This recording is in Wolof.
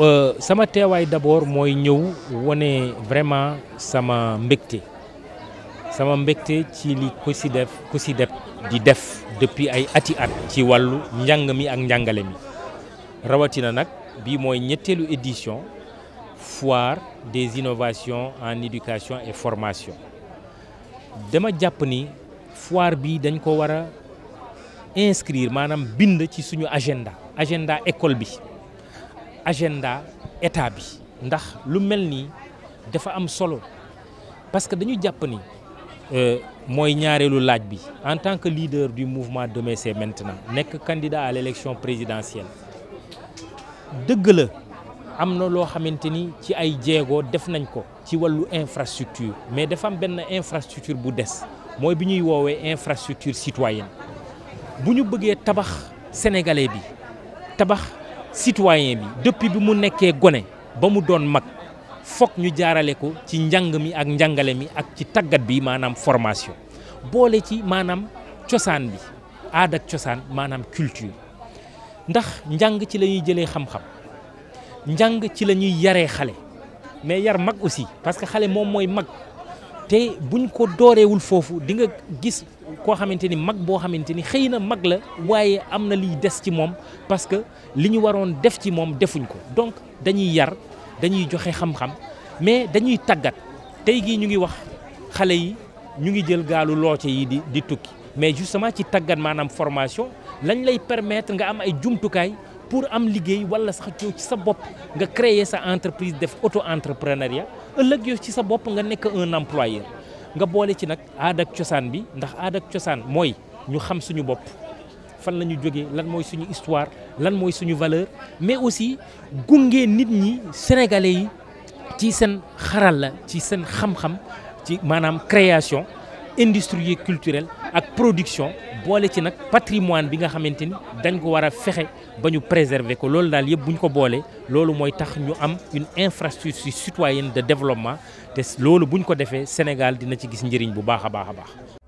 Euh, sama teewaay d'abord moy ñew woné vraiment sama mbégte sama mbégte ci li ci def di def depuis ay ati at ci walu njàng mi ak njàngale mi na nak bi moy ñettelu édition foire des innovations en éducation et formation dama japp ni foire bi dañ ko wara inscrire manam bind ci suñu agenda agenda école bi agenda état bi ndax lu am solo parce que dañu japp ni euh, moy en tant que leader du mouvement Demain c'est maintenant que candidat à l'élection présidentielle nous la am lo xamanteni ci ay djégo def nañ ko ci infrastructure mais dafa am infrastructure bu des moy biñuy wowe infrastructure citoyenne buñu bëggé sénégalais bi citoyen bi depuis bi mu nekkee gone ba mu doon mag foog ñu jaarale ko ci njàng mi ak njàngale mi ak ci tàggat bi maanaam formation boole ci maanaam cosaan bi aada ak cosaan maanaam culture ndax njàng ci la ñuy jëlee xam-xam njàng ci la ñuy yaree xale mais yar mag aussi parce que xale moom mooy mag te buñ ko doorewul foofu di nga gis ko xamanteni mag bo xamanteni xeyna mag la waye amna li dess ci mom parce que liñu ñu def ci mom defuñ ko donc dañuy yar dañuy joxe xam-xam mais dañuy tagat tay gi ñu ngi wax xalé yi ñu ngi jël galu looce yi di di tukki mais justement ci tagat manam formation lañ lay permettre nga am ay jumtukay pour am liguey wala sax ci sa bop nga créer sa entreprise def auto entrepreneuriat ëllëg yow ci sa bop nga nek un employeur nga boole ci nag aada ak cosaan bi ndax aada ak cosaan mooy ñu xam suñu bopp fan la ñu jógee lan mooy suñu histoire lan mooy suñu valeur mais aussi gunge nit ñi sénégalais yi ci seen xaral la ci seen xam-xam ci maanaam création industrie culturelle ak production boole ci nak patrimoine bi nga xamante dañ ko wara fexé bañu préserver ko loolu dal yeb buñ ko boolee loolu moy tax ñu am une infrastructure citoyenne de développement té loolu buñ ko défé Sénégal dina ci gis njëriñ bu baaxa baaxa baax